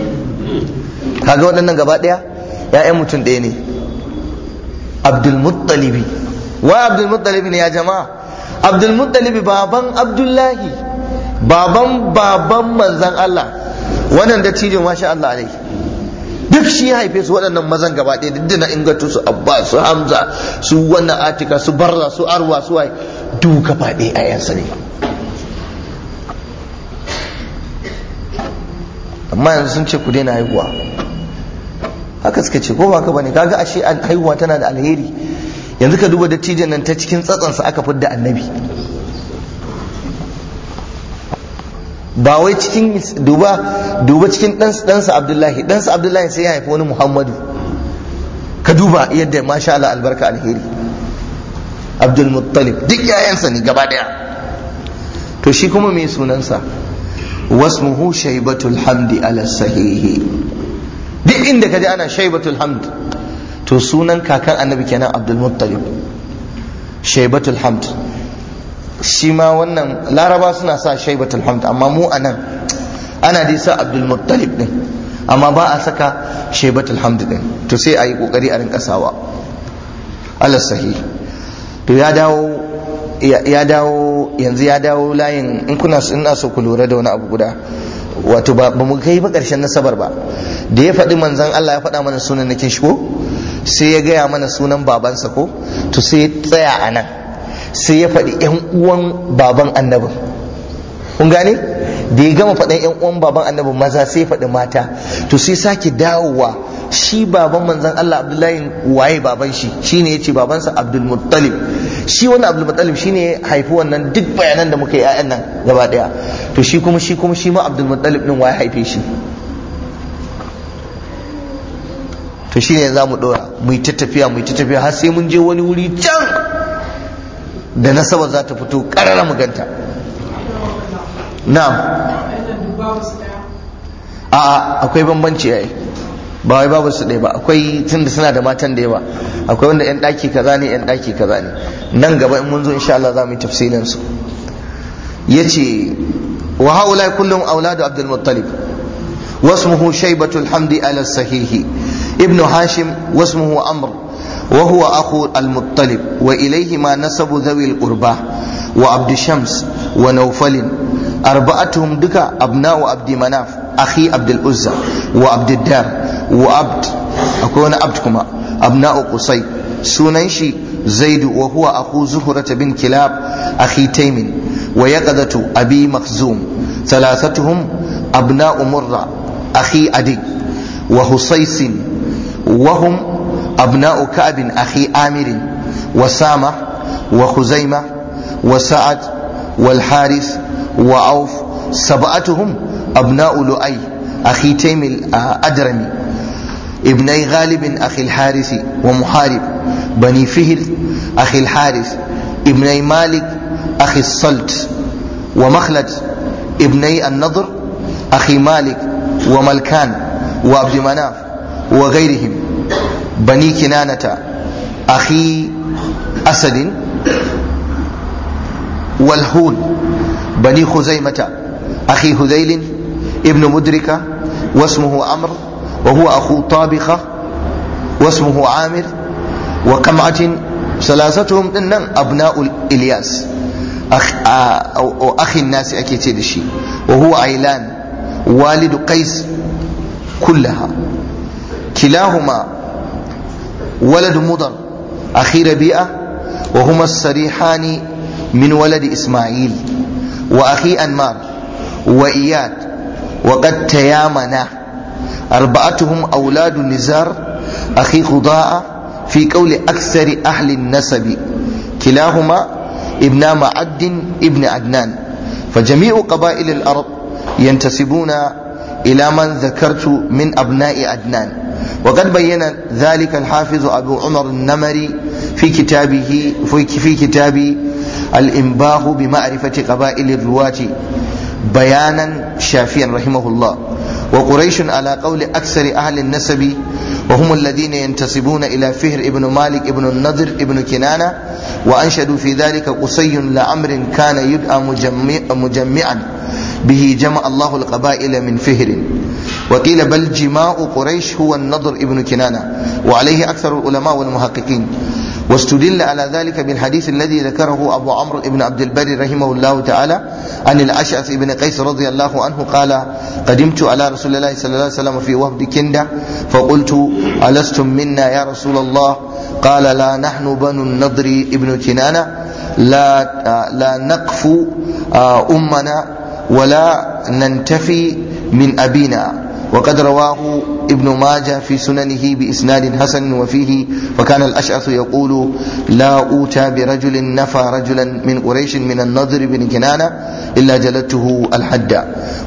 kaga waɗannan gaba daya ya'yan mutum ɗaya ne abdul muttalib wa abdul muttalib ne ya jama'a abdul muttalib baban abdullahi baban baban manzan Allah wannan da cijin masha Allah alai duk shi ya haife su waɗannan mazan gaba ɗaya duk da na ingatu su abba su hamza su wannan atika su barra su arwa su waye duk gaba ɗaya 'ya'yansa ne amma yanzu sun ce ku daina haihuwa haka suka ce ko ba ka bane kaga ashe haihuwa tana da alheri yanzu ka duba dattijan nan ta cikin tsatsansa aka fidda annabi ba wai cikin duba duba cikin ɗansa abdullahi ɗansa abdullahi sai ya haifi wani muhammadu ka duba yadda masha Allah albarka alheri abdul muttalib duk yayansa ne gaba daya to shi kuma mai sunansa wasmuhu shaibatul hamdi ala sahihi duk inda ji ana shaibatul hamd to sunan kakan annabi kenan abdul muttalib shaibatul hamd shi ma wannan laraba suna sa shaibatul hamd amma mu anan ana dai sa abdul muttalib din amma ba a saka shaibatul hamd din to sai a yi kokari a rinka sawa ala sahihi to ya dawo ya dawo yanzu ya dawo layin in kuna ina so ku lura da wani abu guda wato ba mu kai ba karshen nasabar ba da ya faɗi manzan Allah ya faɗa mana sunan nake shi ko sai ya gaya mana sunan babansa ko to sai ya tsaya a nan sai ya faɗi yan uwan baban annabin kun gane da ya gama faɗin yan uwan baban annabin maza sai ya faɗi mata to sai sake dawowa shi baban manzan Allah Abdullahi waye baban shi shine yace babansa Abdul Muttalib shi wannan Abdul Muttalib shine haifi wannan duk bayanan da muka yi ayan nan gaba daya to shi kuma shi kuma shi ma Abdul Muttalib din waye haife shi to shine za mu dora mu yi ta tafiya mu yi tafiya har sai mun je wani wuri can da nasaba za ta fito karara mu ganta na'am a akwai bambanci yayi ba wai babu su ɗaya ba akwai tunda suna da matan da yawa akwai wanda yan ɗaki kaza ne yan ɗaki kaza ne nan gaba in mun zo insha Allah za mu yi tafsirin su yace wa haula kullum auladu abdul muttalib واسمه شيبة الحمد على الصحيح ابن هاشم واسمه أمر وهو أخو المطلب وإليهما نسب ذوي القربى وعبد الشمس ونوفل أربعتهم دكا أبناء عبد مناف akhi abdul uzza wa abdiddar wa abd akwai wani abd kuma abna'u qusay sunan shi zaid wa huwa akhu zuhrata bin kilab akhi taymin wa yaqadatu abi makhzum thalathatuhum abna'u murra akhi adi wa husays wa hum abna'u ka'b akhi amir wa sama wa khuzaimah wa sa'ad wal harith wa auf sab'atuhum abna'u lu'ay akhi taymil adrami ابني غالب أخي الحارث ومحارب بني فهر أخي الحارث ابني مالك أخي الصلت ومخلد ابني النضر أخي مالك وملكان وعبد مناف وغيرهم بني كنانة أخي أسد والهون بني خزيمة أخي هذيل ابن مدركة واسمه عمرو وهو أخو طابخة واسمه عامر وقمعة ثلاثتهم إنن أبناء إلياس أخ أو أخي الناس أكيد الشيء وهو عيلان والد قيس كلها كلاهما ولد مضر أخي ربيعة وهما الصريحان من ولد إسماعيل وأخي أنمار وإياد وقد تيامنا أربعتهم أولاد نزار أخي خضاء في قول أكثر أهل النسب كلاهما ابن معد ابن عدنان فجميع قبائل الأرض ينتسبون إلى من ذكرت من أبناء عدنان وقد بين ذلك الحافظ أبو عمر النمري في كتابه في كتاب الإنباه بمعرفة قبائل الرواة بيانا شافيا رحمه الله وقريش على قول أكثر أهل النسب وهم الذين ينتسبون إلى فهر ابن مالك ابن النضر ابن كنانة وأنشدوا في ذلك قصي لعمر كان يدعى مجمع مجمعا به جمع الله القبائل من فهر وقيل بل جماع قريش هو النضر ابن كنانة وعليه أكثر العلماء والمحققين واستدل على ذلك بالحديث الذي ذكره أبو عمرو بن عبد البر رحمه الله تعالى عن الأشعث بن قيس رضي الله عنه قال قدمت على رسول الله صلى الله عليه وسلم في وفد كندة فقلت ألستم منا يا رسول الله قال لا نحن بنو النضر ابن كنانة لا لا نقف أمنا ولا ننتفي من أبينا وقد رواه ابن ماجه في سننه بإسناد حسن وفيه وكان الأشعث يقول لا أوتى برجل نفى رجلا من قريش من النضر بن كنانة إلا جلدته الحد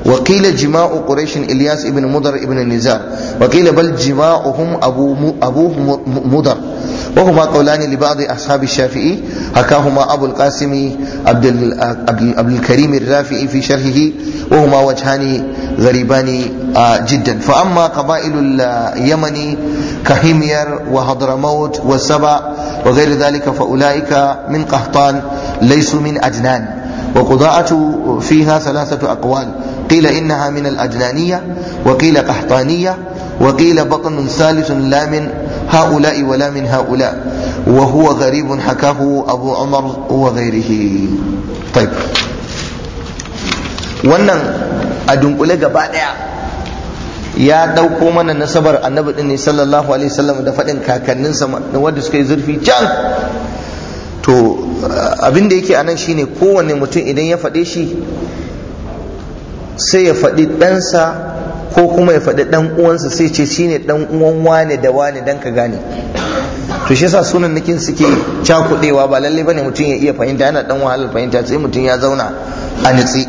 وقيل جماع قريش إلياس بن مضر بن النزار وقيل بل جماعهم أبو, أبوه مضر وهما قولان لبعض أصحاب الشافعي حكاهما أبو القاسم عبد, عبد الكريم الرافعي في شرحه وهما وجهان غريبان آه، جدا فأما قبائل اليمن كهيمير وهضرموت والسبع وغير ذلك فأولئك من قهطان ليسوا من أجنان وقضاءة فيها ثلاثة أقوال قيل إنها من الأجنانية وقيل قحطانية وقيل بطن ثالث لا من هؤلاء ولا من هؤلاء وهو غريب حكاه أبو عمر وغيره طيب wannan a dunkule gaba daya ya dauko mana nasabar annabi din ne sallallahu alaihi wasallam da faɗin kakanninsa wanda suka yi zurfi can to abin da yake anan shine kowane mutum idan ya faɗe shi sai ya faɗi ɗansa ko kuma ya faɗi ɗan uwansa sai ce ne ɗan uwan wane da wane dan ka gane to shi yasa sunan nakin suke cakudewa ba lalle bane mutum ya iya fahimta yana ɗan wahalar fahimta sai mutum ya zauna a nitsi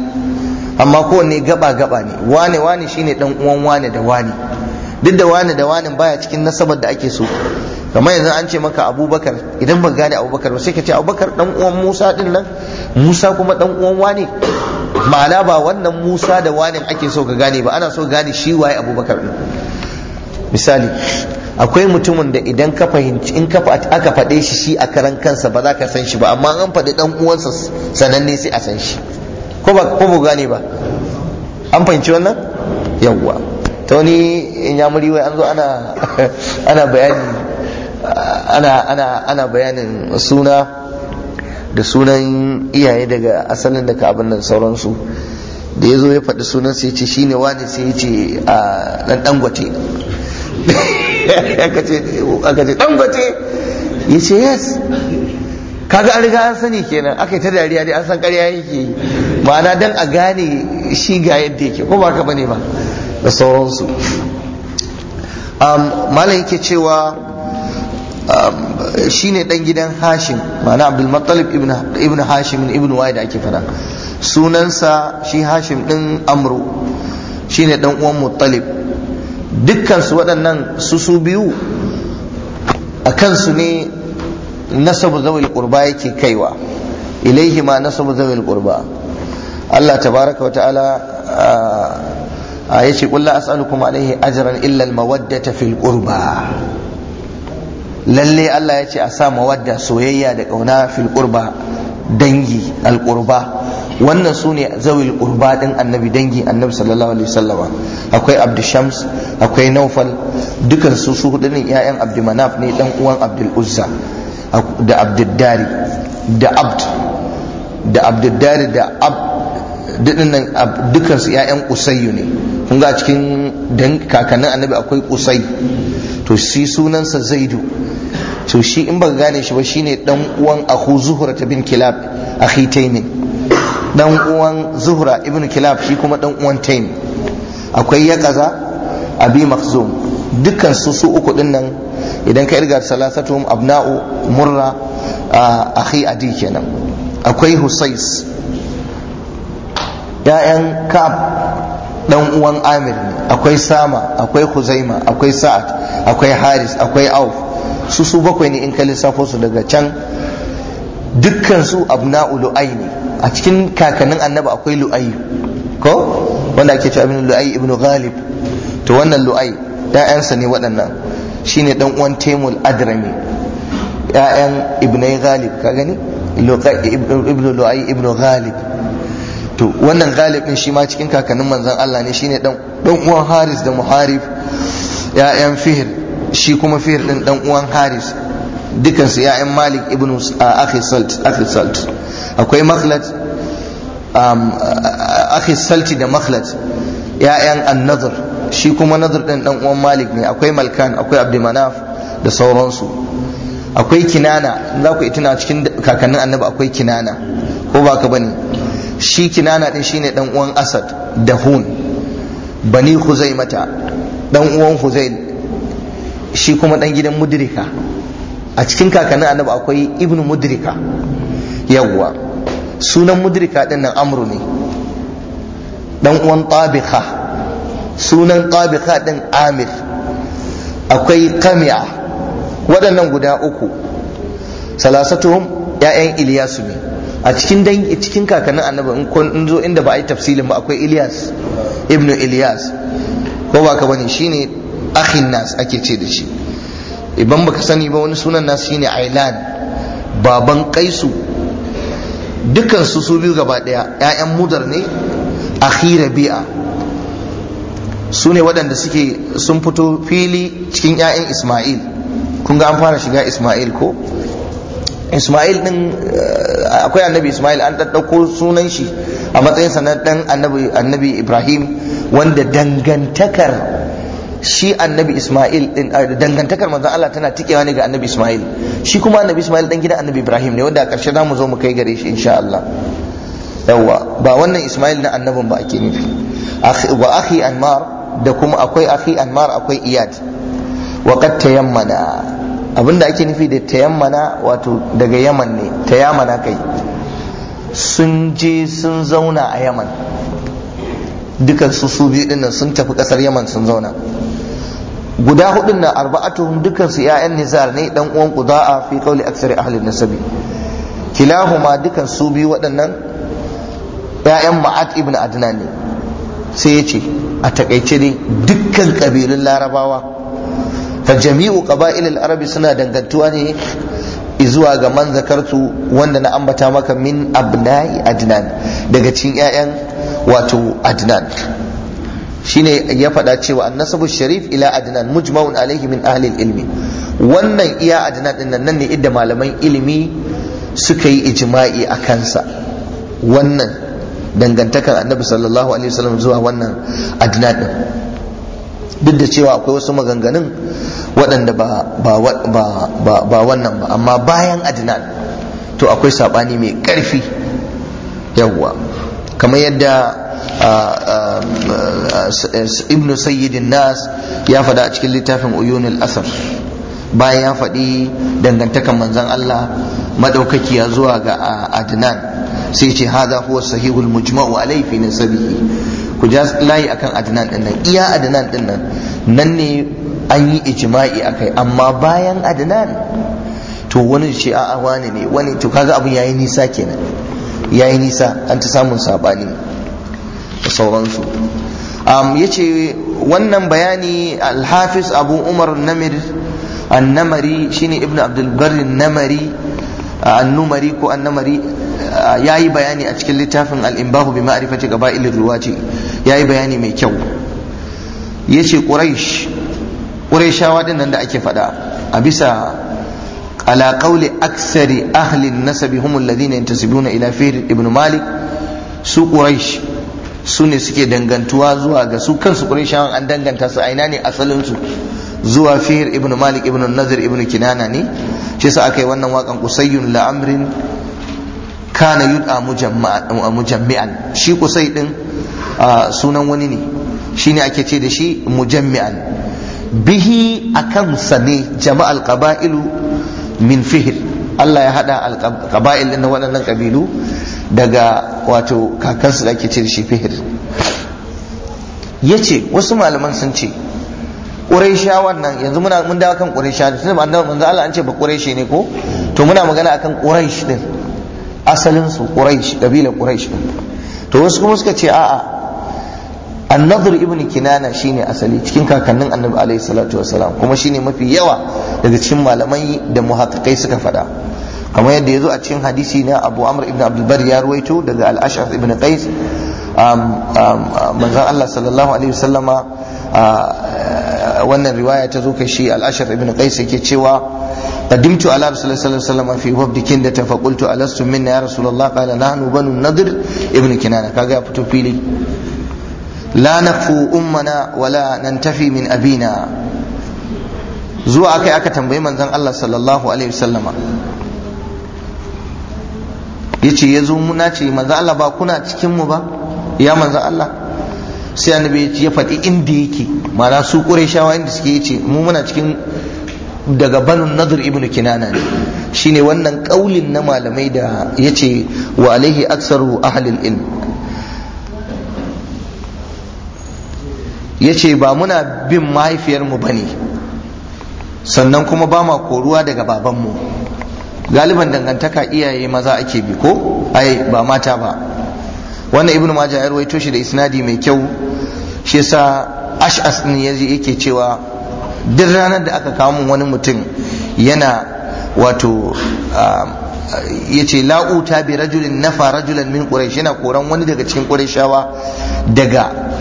amma kowanne gaba gaba ne wane wane shine ɗan uwan wane da wane duk da wane da wane baya cikin nasabar da ake so kamar yanzu an ce maka abubakar idan ban gane abubakar ba sai ka ce abubakar dan uwan musa din nan musa kuma dan uwan wane ma'ana ba wannan musa da wane ake so ka gane ba ana so gane shi waye abubakar din misali akwai mutumin da idan ka fahimci in aka faɗe shi shi a karan kansa ba za ka san shi ba amma an faɗi dan uwansa sananne sai a san shi ko ba ko gane ba an fahimci wannan yawwa ta wani in ya muri wai an zo ana ana bayani ana ana ana bayanin suna da sunan iyaye daga asalin daga abin nan sauransu da ya zo ya faɗi sunan sai ce shine wani sai ya ce a ɗan ɗangwace aka ce ɗangwace ya ce yes kaga an riga an sani kenan aka yi ta dariya dai an san ƙarya yake ma'ana dan a gane shi ga yadda yake ko ba ka bane ba da sauransu malam yake cewa Um, shine dan gidan Hashim ma'ana Abdul Muttalib ibn ibn Hashim ibn Wa'id ake fada sunansa shi Hashim din Amru shine dan uwan Muttalib dukkan su waɗannan su su biyu a kansu ne nasabu zawil qurba yake kaiwa ilaihi ma nasabu zawil qurba Allah tabaraka wa ta'ala uh, a yace qul la as'alukum alayhi ajran illa al mawaddata fil qurba lalle Allah ya ce a sa mawadda soyayya da ƙauna fil qurba dangi alƙurba. wannan su ne zawil qurba din annabi dangi annabi sallallahu alaihi wasallama akwai abdu shams akwai naufal dukan su su hudu ne ƴaƴan abdu manaf ne dan uwan abdul uzza da abdul dari da abd da abdul dari da abd dinnan dukkan su ƴaƴan kusayyu ne kun ga cikin dan kakannin annabi akwai qusay to shi sunansa zaidu to shi in baka gane shi ba shine dan uwan akhu zuhra bin kilab akhi taymin dan uwan zuhra ibnu kilab shi kuma dan uwan taym akwai yaqaza abi makhzum dukkan su su uku ɗinnan idan ka irga salasatuhum abna'u murra akhi adi kenan akwai husais 'ya'yan ka'ab ɗan uwan amir akwai sama akwai huzaima akwai sa'ad akwai haris akwai auf su su bakwai ne in ka lissafo su daga can dukkan su abna'u lu'ai ne a cikin kakannin annabi akwai lu'ai ko wanda ake cewa ibn lu'ai ibn ghalib to wannan lu'ai ya'yansa ne waɗannan shine dan uwan taimul adrami ya'yan ibnai ghalib ka gani ibn lu'ai ibn ghalib to wannan galibin shi ma cikin kakannin manzon Allah ne shine dan dan uwan Haris da Muharib ya'yan Fihr shi kuma Fihr din dan uwan Haris dukan su ya'yan Malik ibn Akhi Salt Akhi Salt akwai Makhlat um, Akhi Salt da Makhlat ya'yan An-Nadhr shi kuma Nadhr din dan uwan Malik ne akwai Malkan akwai Abdulmanaf da sauransu akwai Kinana za ku tuna cikin kakannin Annabi akwai Kinana ko ba ka bane shi kinana din shine dan uwan asad da hun bani mata dan uwan huzail shi kuma dan gidan mudrika a cikin kakannin annabi akwai ibnu mudrika yawwa sunan mudrika din nan amru ne dan uwan tabika sunan tabika din amir akwai kami'a waɗannan guda uku salasatuhum ya'yan iliyasu ne a cikin dangi cikin kakannin annabi in kun zo inda ba a yi tafsilin ba akwai Ilyas ibn Ilyas ko ba ka bane shine akhin nas ake ce da shi idan baka sani ba wani sunan nas shine Ailan baban Kaisu dukkan su su biyu gaba daya ƴaƴan mudar ne akhi Rabi'a su ne waɗanda suke sun fito fili cikin ƴaƴan Isma'il kun ga an fara shiga Isma'il ko Ismail din eh, akwai annabi Ismail an ɗaɗɗauko sunan shi a matsayin na ɗan annabi annabi Ibrahim wanda dangantakar shi annabi Ismail din eh, dangantakar manzon Allah tana tikewa ne ga annabi Ismail shi kuma annabi Ismail dan gidan annabi Ibrahim ne wanda a ƙarshe zamu zo mu kai gare shi insha Allah yawa ba wannan Ismail na annabin ba ake nufi wa akhi Anmar da kuma akwai akhi Anmar akwai Iyad wa qad tayammana abinda ake nufi da tayammana wato daga yaman ne tayammana kai sun je sun zauna a yaman dukkan su su biyu dinnan sun tafi kasar yaman sun zauna guda hudun na arba'atuhum dukan su ƴaƴan nizar ne dan uwan qudaa fi qawli aksari ahli nasabi kilahuma dukan su biyu waɗannan ya'yan ma'at ibn adnan ne sai ya ce a takaice dai dukkan kabilun larabawa fa jami'u qaba'il al-arabi suna dangantuwa ne zuwa ga man zakartu wanda na ambata maka min abnai adnan daga cikin 'ya'yan wato adnan shine ya faɗa cewa annasabu sharif ila adnan mujma'un alaihi min ahli ilmi wannan iya adnan din nan ne idda malaman ilimi suka yi ijma'i a kansa wannan dangantakar annabi sallallahu alaihi wasallam zuwa wannan adnan din duk da cewa akwai wasu maganganun waɗanda ba wannan ba amma bayan adnan to akwai saɓani mai ƙarfi yawwa kamar yadda ibn sayyidin nas ya faɗa a cikin littafin Uyunil asar bayan ya faɗi dangantakan manzan Allah maɗaukaki ya zuwa ga adinan. sai ce haza huwa sahihul mujma'u alai fi nasabihi ku ja layi akan adnan din nan iya adnan din nan nan ne an yi ijma'i akai amma bayan adnan to wani ce a wani ne wani to kaga abun yayi nisa kenan yayi nisa an ta samun sabani sauransu um, yace wannan bayani al abu umar namir annamari shine ibnu abdul namari annumari ko annamari ah, ya yi bayani a cikin littafin al'imbahu bi ma'arifati ruwa ruwaci ya yi bayani mai kyau ya ce quraish quraishawa din da ake faɗa a bisa ala qawli aksari ahlin nasabi hum alladhina yantasibuna ila fihr ibn malik su quraish su ne suke dangantuwa zuwa ga su kansu quraishawan an danganta su aina ne asalin su zuwa fihir ibn malik ibn nazir ibn kinana ne shi sa aka yi wannan wakan kusayyun la'amrin kana yud'a mujammi'an shi kusai din sunan wani ne Shi ne ake ce da shi mujammi'an bihi a sa ne jama'al qaba'ilu min fihir Allah ya hada alqaba'il na waɗannan ƙabilu daga wato kakansu da ake ce da shi fihir Ya ce wasu malaman sun ce Quraysha wannan yanzu muna mun dawo kan Quraysha tun ba annabi manzo Allah an ce ba Qurayshi ne ko to muna magana akan Quraysh din asalin su Quraysh kabilar Quraysh din to wasu kuma suka ce a'a Annadhr ibn kinana shine asali cikin kakannin annabi alayhi salatu wasalam kuma shine mafi yawa daga cikin malamai da muhaqqiqai suka faɗa kamar yadda yazo a cikin hadisi na Abu Amr ibn Abdul Bar ya ruwaito daga Al-Ash'ath ibn Qais manzon Allah sallallahu alaihi wasallama wannan riwaya ta zo kashi al-ashar ibn qais yake cewa qadimtu ala rasul sallallahu alaihi wasallam fi wabdikin da ta tafaqultu alastu minna ya rasulullah qala nahnu banu nadir ibn kinana kaga ya fito fili la nakfu ummana wala nantafi min abina zuwa akai aka tambayi manzon Allah sallallahu alaihi wasallama yace yazo muna ce manzon Allah ba kuna cikin mu ba ya manzon Allah sai annabi ya faɗi inda yake mana su qurayshawa inda suke yace mu muna cikin daga banu nadir ibnu kinana ne shine wannan kaulin na malamai da yace wa alaihi aksaru ahlil ilm yace ba muna bin mahaifiyarmu bane sannan kuma ba ma koruwa daga babanmu galiban dangantaka iyaye maza ake bi ko ai ba mata ba wannan ibnu majah ya rawaito shi da isnadi mai kyau shi yasa ash'as din yaji yake cewa duk ranar da aka kawo mun wani mutum yana wato yace la'uta bi rajulin nafa rajulan min quraish yana koran wani daga cikin qurayshawa daga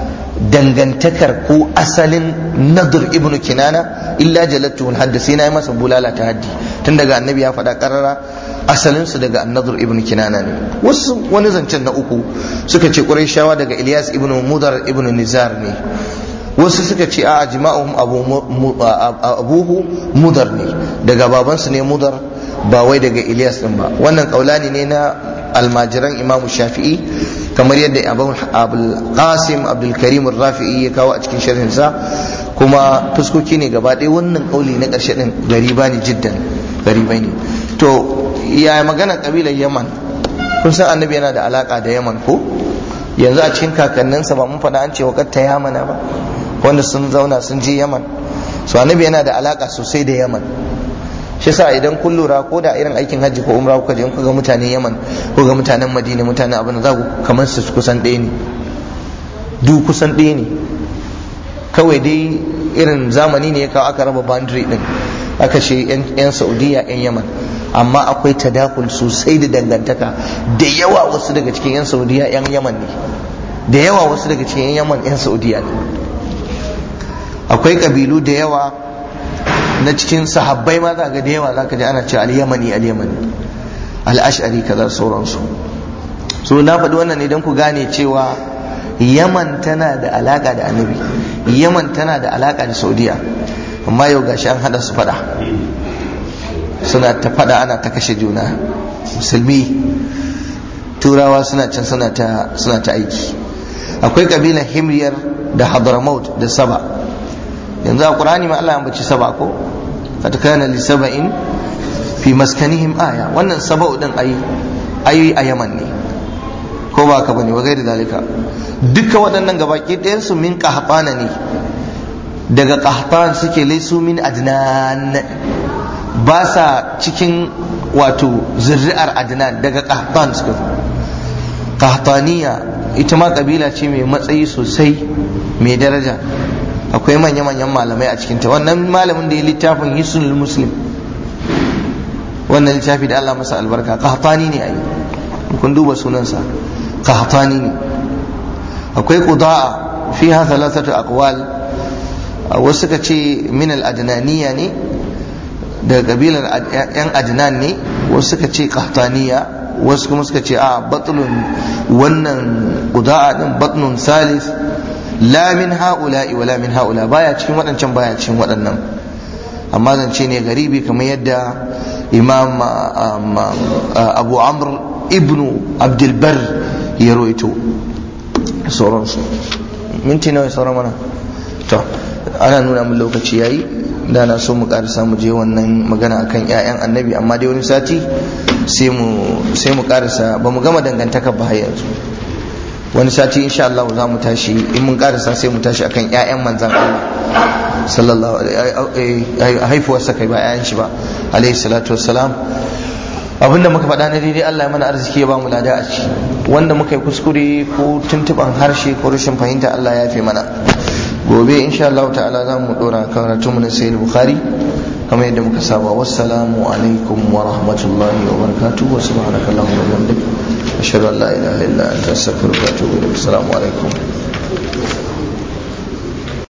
dangantakar ko asalin nadir ibnu kinana illa jalattu hadda sai na yi masa bulala ta haddi tun daga annabi ya faɗa karara asalinsu daga annadur ibn kinana ne wasu wani zancen na uku suka ce ƙur'ishawa daga ilyas ibn mudar ibn nizar ne wasu suka ce a jima'u abuhu mudar ne daga babansu ne mudar ba wai daga ilyas din ba wannan kaulani ne na almajiran imamu shafi'i kamar yadda abul qasim abdul rafi'i ya kawo a cikin sa, kuma fuskoki ne gaba ɗaya wannan kauli na ƙarshe ɗin gariba ne jiddan gariba ne to ya magana kabilar yaman kun san annabi yana da alaka da yaman ko yanzu a cikin kakanninsa ba mun faɗa an ce wakar ta yamana ba wanda sun zauna sun je yaman so annabi yana da alaka sosai da yaman shi sa idan kun lura ko da irin aikin hajji ko umra kuka je kuka ga mutanen yaman ko ga mutanen madina mutanen abin za ku kamar su kusan ɗaya ne du kusan ɗaya ne kawai dai irin zamani ne ya kawo aka raba boundary din aka ce 'yan saudiya 'yan yaman amma akwai tadakul sosai da dangantaka da yawa wasu daga cikin 'yan saudiya 'yan yaman ne da yawa wasu daga cikin 'yan yaman 'yan saudiya ne akwai kabilu da yawa na cikin sahabbai ma za ga da yawa za ka ji ana cewa al-yamani al-yamani al-ash'ari kaza sauransu so na faɗi wannan ne don ku gane cewa yaman tana da alaka da annabi yaman tana da alaka da saudiya amma yau gashi an hada su faɗa suna ta fada ana ta kashe juna musulmi turawa suna can suna ta suna ta aiki akwai kabilan himriyar da hadramaut da saba yanzu a qur'ani ma Allah ya ambaci saba ko fatakana li saba'in fi maskanihim aya wannan saba'u din ayi ayi a Yaman ne ko ba ka bane wagai da dalika duka waɗannan gabaki ɗayan su min qahtana ne daga qahtan suke laisu min adnan ba sa cikin wato zirri'ar adnan daga kahtan suka zo kahtaniya ita ma kabila ce mai matsayi sosai mai daraja akwai manya-manyan malamai a cikinta wannan malamin da ya littafin hisunul muslim wannan littafi da Allah masa albarka kahtani ne a yi kun duba sunansa kahtani ne akwai qudaa fiha thalathatu aqwal wasu ka ce min al-adnaniya ne daga kabilar yan adnan ne wasu suka ce kahtaniya wasu kuma suka ce a batulun wannan guda din batulun salis la min haula'i wala min haula baya cikin waɗancan baya cikin waɗannan amma zance ne garibi kamar yadda imam abu amr ibnu abdulbar ya roito sauransu minti nawa sauran mana to ana nuna min lokaci yayi da na so mu karasa mu je wannan magana akan ƴaƴan annabi amma dai wani sati sai mu sai mu karasa ba mu gama dangantakar ba yanzu wani sati insha Allah za mu tashi in mun karasa sai mu tashi akan ƴaƴan manzan Allah sallallahu alaihi haifuwarsa kai ba ƴaƴan shi ba alaihi salatu wassalam abinda muka faɗa na daidai Allah ya mana arziki ya ba mu lada a ciki wanda muka yi kuskure ko tuntuban harshe ko rashin fahimta Allah ya fi mana gobe insha Allah ta'ala za mu dora karatun na sayyid bukhari kamar yadda muka saba wassalamu alaikum wa rahmatullahi wa barakatuh wa subhanakallahumma wa bihamdik ashhadu an la ilaha illa anta astaghfiruka wa atubu ilaik assalamu alaikum